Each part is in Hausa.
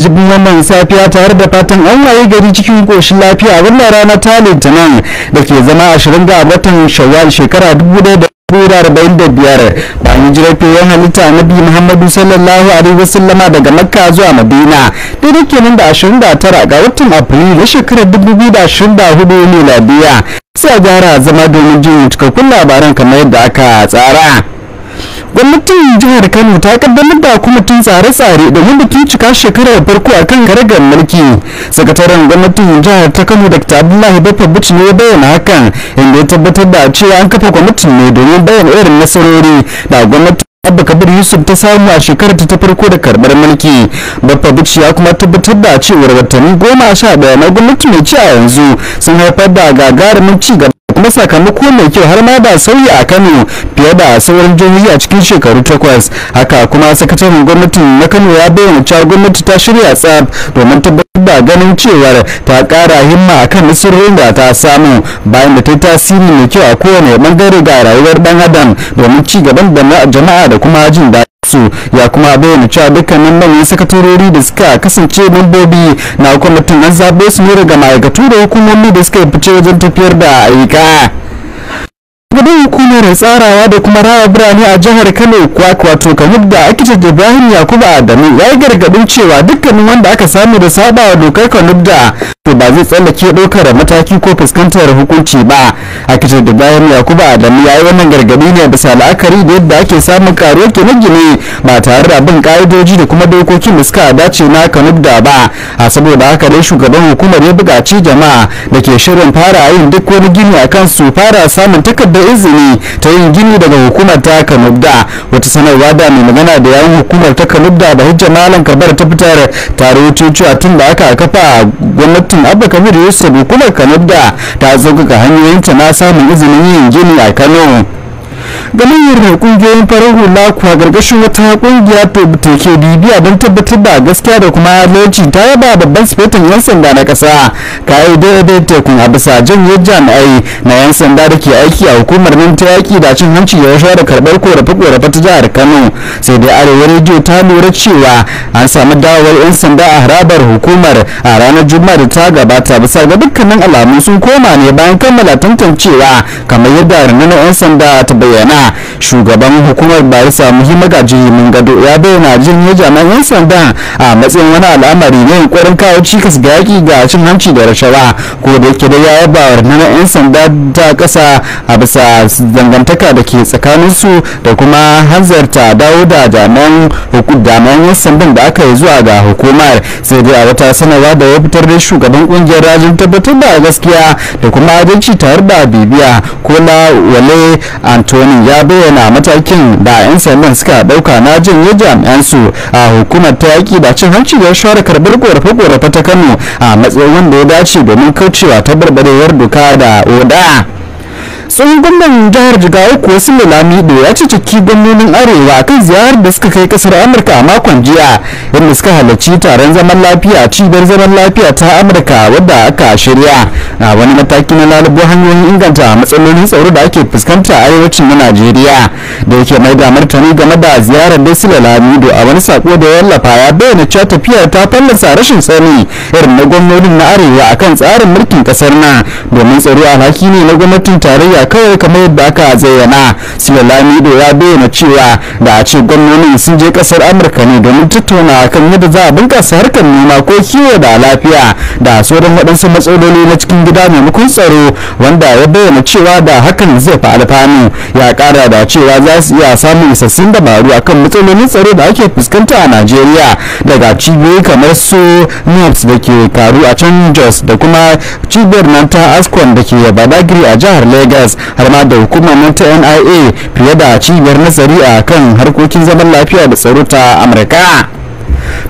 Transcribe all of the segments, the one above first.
jibin wannan safiya tare da fatan an waye gari cikin koshin lafiya wannan rana ta litinin da ke zama 20 ga watan shawwal shekara 1945 bayan jirar fiyon halitta na biyu muhammadu sallallahu alaihi wasallama daga makka zuwa madina daidai kenan da 29 ga watan afrilu na shekarar 2024 miladiya sai gyara zama domin jin cikakkun labaran kamar yadda aka tsara gwamnatin jihar kano ta kaddamar da kwamitin tsare-tsare domin bikin cika shekarar farko a kan garagar mulki sakataren gwamnatin jihar ta kano dr abdullahi bafa ne ne bayyana hakan inda ya tabbatar da cewa an kafa kwamitin ne domin bayyana irin nasarori da gwamnati abba kabir yusuf ta samu a shekarar ta farko da karbar mulki bafa ya kuma tabbatar da cewar watanni goma sha daya na gwamnati mai ci a yanzu sun haifar da gagarumin ci gaba kuma sakamako mai kyau har ma ba sauyi a Kano fiye da sauran jihohi a cikin shekaru takwas haka kuma sakataren gwamnatin na Kano ya bayyana cewa gwamnati ta shirya tsab domin tabbatar da ganin cewar ta kara himma akan nasarorin da ta samu bayan da ta tasiri mai kyau a kowane bangare ga rayuwar dan adam domin ci gaban jama'a da kuma jin daɗi su ya kuma bayyana cewa dukkanin manyan sakatorori da suka kasance mambobi na kwamitin an zaɓe su ne daga ma'aikatu da hukumomi da suka fice wajen tafiyar da ayyuka shugaban hukumar tsarawa da kuma rawa birane a jihar kano wato kamar da akitar ibrahim yakubu adamu ya yi gargadin cewa dukkanin wanda aka samu da sabawa dokar kanubda to ba zai tsallake ɗaukar mataki ko fuskantar hukunci ba akitar ibrahim yakubu adamu ya yi wannan gargadi ne bisa la'akari da yadda ake samun karuwar gine-gine ba tare da bin ka'idoji da kuma dokokin da suka dace na kanubda ba a saboda haka dai shugaban hukumar ya buƙaci jama'a da ke shirin fara yin duk wani gini akan su fara samun takardar izini ta yin gini daga hukumar ta kanubda wata sanarwa da mai magana da yawon hukumar ta kanubda da hujja malam karbar ta fitar tare cewa tun da aka kafa gwamnatin abba kabir yusuf hukumar kanubda ta tsoka hanyoyinta na samun izinin yin gini a kano gamayyar kungiyoyin farar hula kuwa gargashin wata kungiya ta ke bibiya don tabbatar da gaskiya da kuma adalci ta yaba babban sifetin yan sanda na kasa kayi daidai tekun a bisa janye jami'ai na yan sanda da ke aiki a hukumar nan ta yaki da cin hanci ya rashawa da karɓar korafe korafe ta jihar kano sai dai arewa rediyo ta lura cewa an samu dawowar yan sanda a harabar hukumar a ranar juma'a da ta gabata bisa ga dukkanin alamu sun koma ne bayan kammala tantancewa kamar yadda rundunar yan sanda ta bayyana sana'a shugaban hukumar barisa muhimmin gaji mun gado ya bayyana jin ya jami'an 'yan sanda a matsayin wani al'amari ne kwarin kawo cikas ga yaki ga cin hanci da rashawa ko da yake da ya yi wa 'yan sanda ta kasa a bisa dangantaka da ke tsakanin su da kuma hanzarta dawo da jami'an 'yan sandan da aka yi zuwa ga hukumar sai dai a wata sanarwa da ya fitar da shugaban kungiyar rajin tabbatar da gaskiya da kuma adalci tare da bibiya ko wale antoni ya bayyana matakin da 'yan sandan suka dauka na jin janye jami'ansu a hukumar ta yaki da cin hanci da shawara karbar korafe-korafe ta Kano a matsayin wanda ya dace domin kaucewa ta barbarewar doka da oda. matsayin gwamnan jihar jigawa kuwa sule lamido ya ciki gwamnonin arewa akan ziyarar da suka kai kasar amurka a makon jiya inda suka halarci taron zaman lafiya cibiyar zaman lafiya ta amurka wadda aka shirya na wani mataki na lalubo hanyoyin inganta matsalolin tsaro da ake fuskanta a arewacin na najeriya da yake mai da martani game da ziyarar da sule lamido a wani sako da ya wallafa ya bayyana cewa tafiyar ta fallasa rashin tsani irin na gwamnonin na arewa akan tsarin mulkin kasar na domin tsaro alhaki ne na gwamnatin tarayya kawai kamar yadda aka zayyana sila da ya bayyana cewa da a ce gwamnonin sun je kasar amurka ne domin tattauna kan yadda za a bunkasa harkar noma ko kiwo da lafiya da sauran waɗansu matsaloli na cikin gida maimakon tsaro wanda ya bayyana cewa da hakan zai fi alfanu ya ƙara da cewa za su iya samun isassun dabaru akan matsalolin tsaro da ake fuskanta a najeriya daga cibiyoyi kamar su nips e da ke karu a can jos da kuma cibiyar nan ta askon da ke badagiri a jihar lagos har ma da hukumar nan ta nia fiye da cibiyar nazari a kan harkokin zaman lafiya da tsaro ta amurka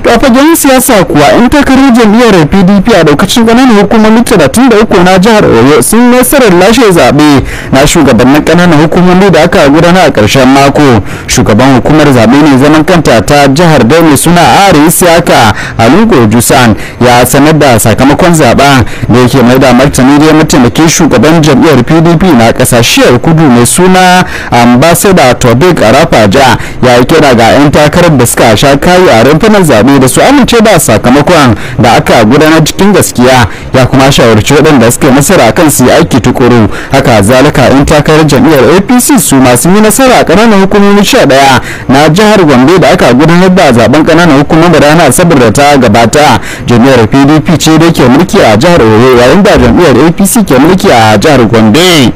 to a fagen siyasa kuwa in takarar jam'iyyar pdp a daukacin ƙananan hukumomi 33 na jihar oyo sun nasarar lashe zaɓe na shugabannin ƙananan hukumomi da aka gudana a ƙarshen mako shugaban hukumar zaɓe ne zaman kanta ta jihar dai mai suna ari siyaka lungo jusan ya sanar da sakamakon zaɓen da yake mai da martani da mataimakin shugaban jam'iyyar pdp na ƙasashiyar kudu mai suna ambassador tobik arafaja ya kira ga 'yan takarar da suka sha kayi a hukumar zabe da su amince da sakamakon da aka gudanar cikin gaskiya ya kuma shawarci waɗanda suka yi nasara kan su yi aiki tukuru haka zalika in takarar jam'iyyar apc su masu yi nasara a ƙananan hukumomi sha ɗaya na jihar gombe da aka gudanar da zaben ƙananan hukumomi rana asabar da ta gabata jam'iyyar pdp ce da ke mulki a jihar oyo yayin da jam'iyyar apc ke mulki a jihar gombe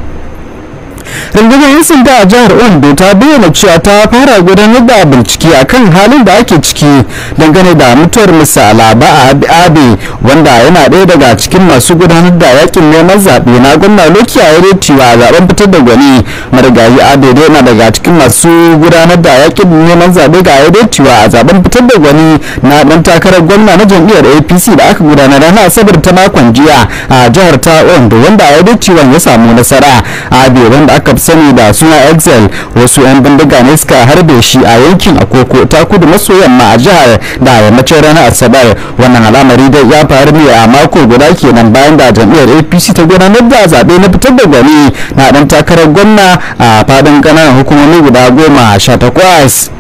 rundunar 'yan sanda a jihar ondo ta bayyana cewa ta fara gudanar da bincike akan halin da ake ciki dangane da mutuwar mr alaba a abe wanda yana ɗaya daga cikin masu gudanar da yakin neman zaɓe na gwamna loki a yaretiwa a zaben fitar da gwani marigayi abe da yana daga cikin masu gudanar da yakin neman zaɓe ga yaretiwa a zaben fitar da gwani na ɗan takarar gwamna na jam'iyyar apc da aka gudanar ranar asabar ta makon jiya a jihar ta ondo wanda yaretiwa ya samu nasara abe wanda aka sani da suna excel wasu 'yan bindiga ne suka harbe shi a yankin akoko ta kudu maso yamma a jihar da yammacin ranar asabar wannan al'amari dai ya faru ne a mako guda kenan bayan da jam'iyyar apc ta gudanar da zaɓe na fitar da gwani na ɗan takarar gwamna a faɗin ƙananan hukumomi guda goma sha takwas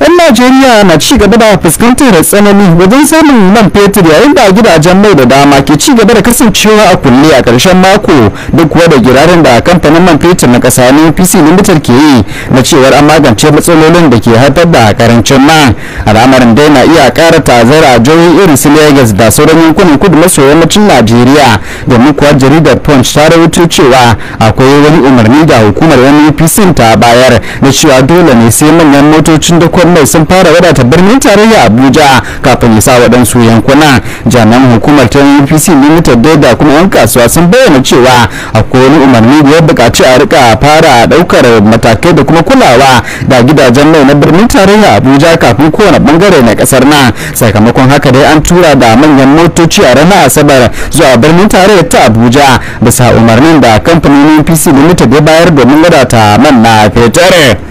'yan najeriya na ci gaba da fuskantar tsanani wajen samun man fetur yayin da gidajen mai da dama ke ci gaba da kasancewa a kulle a karshen mako duk kuwa da girarin da kamfanin man fetur na kasa ne pc limited ke yi na cewar an magance matsalolin da ke haifar da karancin man al'amarin dai na iya kara tazara a jihohi irin su lagos da sauran yankunan kudu maso yammacin najeriya domin kuwa jaridar punch ta rawaito cewa akwai wani umarni da hukumar wani pc ta bayar na cewa dole ne sai manyan motocin da muhammad sun fara wadata birnin tarayya abuja kafin isa waɗansu yankuna jami'an hukumar ta npc limited da kuma yan kasuwa sun bayyana cewa akwai wani umarni da ya buƙaci a rika fara ɗaukar matakai da kuma kulawa da gidajen mai na birnin tarayya abuja kafin kowane bangare na ƙasar na sakamakon haka dai an tura da manyan motoci a ranar asabar zuwa birnin tarayya ta abuja bisa umarnin da kamfanin npc limited ya bayar domin wadata man na fetare.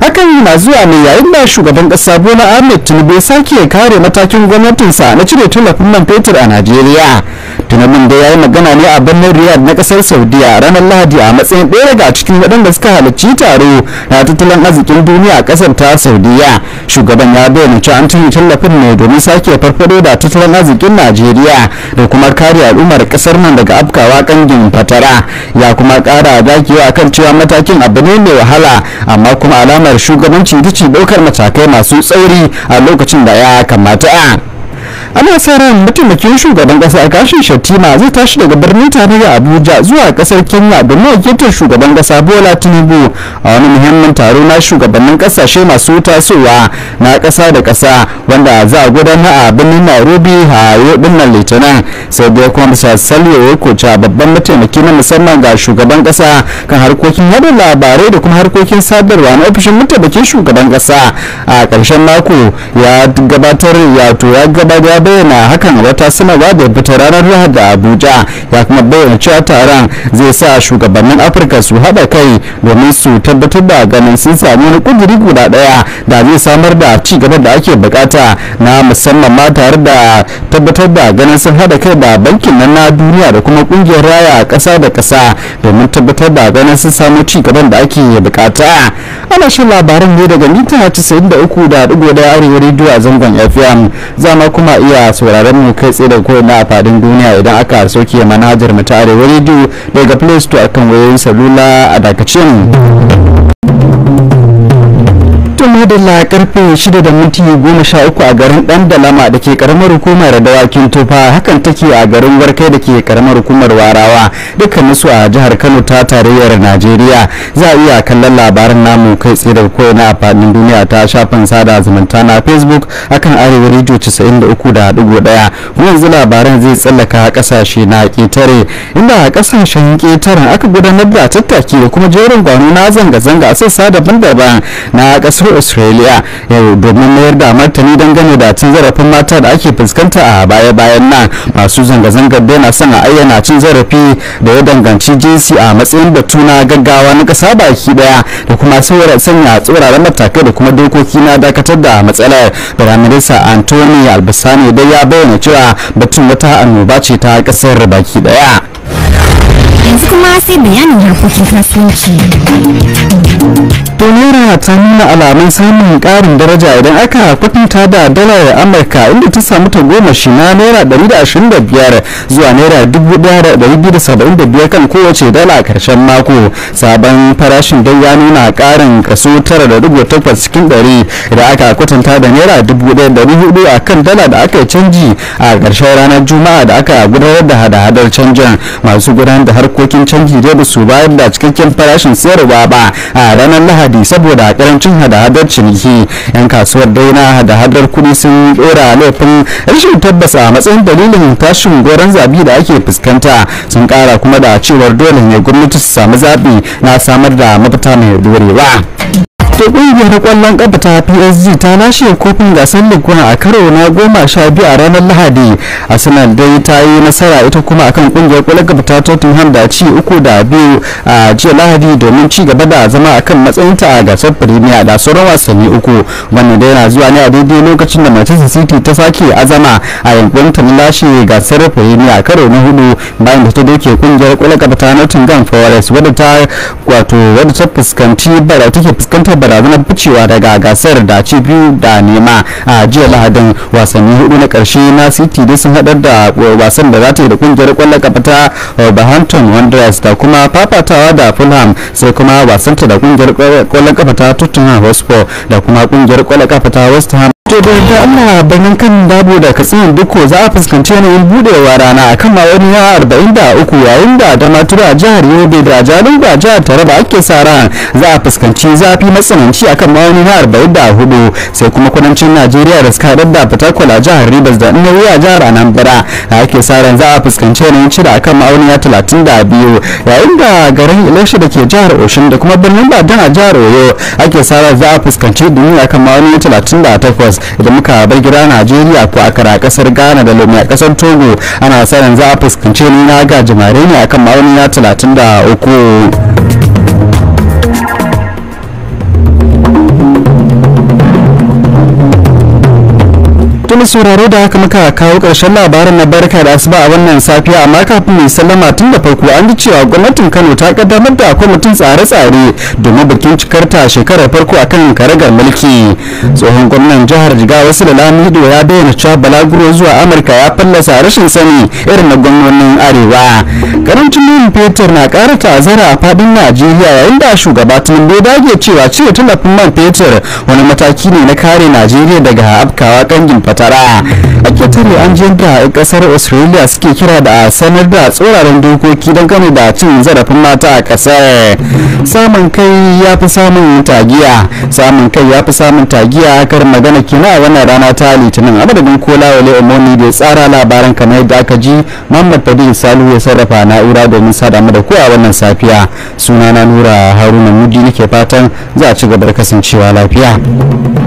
hakan na zuwa ne yayin da shugaban kasa bola ahmed tinubu ya sake kare matakin gwamnatinsa na cire tallafin man fetur a najeriya Tunanin da ya yi magana ne a birnin riyadh na kasar saudiya ranar lahadi a matsayin ɗaya daga cikin waɗanda suka halarci taro na tattalin arzikin duniya a kasar ta saudiya shugaban ya bayyana cewa an tuni tallafin ne domin sake farfado da tattalin arzikin najeriya da kuma kare al'ummar kasar nan daga afkawa kangin fatara ya kuma ƙara dakewa akan cewa matakin abu ne mai wahala amma kuma alamar shugabanci shugabancin gici ɗaukar matakai masu tsauri a lokacin da ya kamata ana sa ran mataimakin shugaban kasa a kashin shatima zai tashi daga birnin tarayya abuja zuwa kasar kenya domin wakiltar shugaban kasa bola tinubu a wani muhimmin taro na shugabannin kasashe masu tasowa na kasa da kasa wanda za a gudanar a birnin nairobi a yau dinnan litinin sai dai kuma bisa salwa ya babban mataimaki na musamman ga shugaban kasa kan harkokin yada labarai da kuma harkokin sadarwa na ofishin mataimakin shugaban kasa a ƙarshen mako ya gabatar ya to ya gabatar ya bayyana hakan a wata sanarwa da fita ranar lahadi a abuja ya kuma bayyana cewa taron zai sa shugabannin afirka su haɗa kai domin su tabbatar da ganin sun samu wani kuduri guda ɗaya da zai samar da ci gaba da ake bukata na musamman ma tare da tabbatar da ganin sun haɗa kai da bankin nan na duniya da kuma kungiyar raya ƙasa da ƙasa domin tabbatar da ganin sun samu ci gaban da ake bukata ana shan labarin ne daga mita 93.1 arewa rediyo a zangon fm zama kuma iya iya sauraron mu kai tsaye daga ko'ina a fadin duniya idan aka soke manhajar mu ta arewa rediyo daga play store akan wayoyin salula a dakacin to madalla karfe 6 da minti 13 a garin dan dalama da ke karamar hukumar dawakin tufa hakan take a garin warkai da ke karamar hukumar warawa dukkan su a jihar kano ta tarayyar najeriya za a iya kallon labaran namu kai tsaye da kowane a fadin duniya ta shafin sada zumunta na facebook akan arewa radio 93.1 yanzu labaran zai tsallaka kasashe na ketare inda a kasashen ketaren aka gudanar da tattaki da kuma jerin gwanu na zanga-zanga a sassa daban-daban na kasar australia yau domin mayar da martani dangane da cin zarafin mata da ake fuskanta a baya-bayan nan masu zanga-zangar daina son a ayyana cin zarafi da ya danganci jinsi a matsayin batu na gaggawa na kasa baki daya da kuma sanya tsoraren matakai da kuma dokoki na dakatar da matsalar firaminista anthony albasani dai ya bayyana cewa batun wata annoba ce ta kasar baki daya yanzu kuma sai bayanin harkokin kasuwanci to naira ta nuna alamun samun karin daraja idan aka kwatanta da dalar amurka inda ta samu ta goma shi na naira 125 zuwa naira 1275 kan kowace dala a karshen mako sabon farashin dai ya nuna karin kaso 9.8 cikin 100 idan aka kwatanta da naira 1400 a kan dala da aka canji a karshen ranar juma'a da aka gudanar da hada-hadar canjin masu gudanar yayin da harkokin canji dai ba su bayar da cikakken farashin sayarwa ba a ranar lahadi saboda karancin hada-hadar ciniki yan kasuwar dai na hada-hadar kuɗi sun dora laifin rashin tabbas a matsayin dalilin tashin goron zabi da ake fuskanta sun kara kuma da cewar dole ne gwamnati su samu zabi na samar da mafita mai dorewa sai kungiyar kwallon kafa ta psg ta lashe kofin gasar liguna a karo na goma sha biyu a ranar lahadi a sanar dai ta yi nasara ita kuma akan kungiyar kwallon kafa ta tottenham da ci uku da biyu a jiya lahadi domin ci gaba da zama akan matsayinta a gasar premier da sauran wasanni uku wannan dai yana zuwa ne a daidai lokacin da manchester city ta sake azama a yankin ta lashe gasar premier karo na hudu bayan da ta doke kungiyar kwallon kafa ta nottingham forest wadda ta wato wadda ta fuskanci bara take fuskantar barazanar ficewa daga gasar da ci biyu da nema a jiya lahadin wasanni hudu na karshe na city dai sun hadar da wasan da za ta yi da kungiyar kwallon kafa ta Wolverhampton Wanderers da kuma fafatawa da Fulham sai kuma wasanta da kungiyar kwallon kafa ta Tottenham Hotspur da kuma kungiyar kwallon kafa ta West Ham to da yadda allah kan babu da katsinan duko za a fuskanci yanayin budewa rana a kan mawani ya arba'in da uku yayin da damatura a jihar yobe da jalin da jihar taraba ake sa ran za a fuskanci zafi matsananci akan kan mawani ya arba'in da hudu sai kuma kudancin najeriya da suka haɗar da fatakwal a jihar ribas da nauyi a jihar anambra da ake sa ran za a fuskanci yanayin cire a kan mawani ya talatin da biyu yayin da garin ilashe da ke jihar oshin da kuma birnin badan a jihar oyo ake sa ran za a fuskanci duniya a kan mawani ya talatin da takwas idan muka bar gida najeriya ko a a kasar ghana da lomi a kasar togo ana sa yanzu a fuskanci nuna ga jimare ne akan ma'auni na 33 tuni sauraro da haka muka kawo ƙarshen labarin na barka da asuba a wannan safiya amma kafin mai sallama tun da farko an ji cewa gwamnatin kano ta kaddamar da akwai kwamitin tsare-tsare domin bikin cikar ta shekarar farko akan karagar mulki tsohon gwamnan jihar jigawa wasu da lamido ya bayyana cewa balaguro zuwa amurka ya fallasa rashin sani irin na gwamnonin arewa karancin man fetur na ƙara ta'azara a faɗin najeriya yayin da shugaba tinubu ya dage cewa cire tallafin man fetur wani mataki ne na kare najeriya daga afkawa kangin fata tara a ketare an a kasar australia suke kira da a sanar da tsoraran dokoki don dangane da cin zarafin mata a kasar samun kai ya fi samun tagiya samun kai ya fi samun tagiya kar magana kina a wannan rana ta litinin a madadin kola wale omoni da tsara labaran kamar yadda aka ji muhammad fadil salu ya sarrafa na'ura domin sada damu da ku a wannan safiya suna na nura haruna mudi nake fatan za a ci gaba da kasancewa lafiya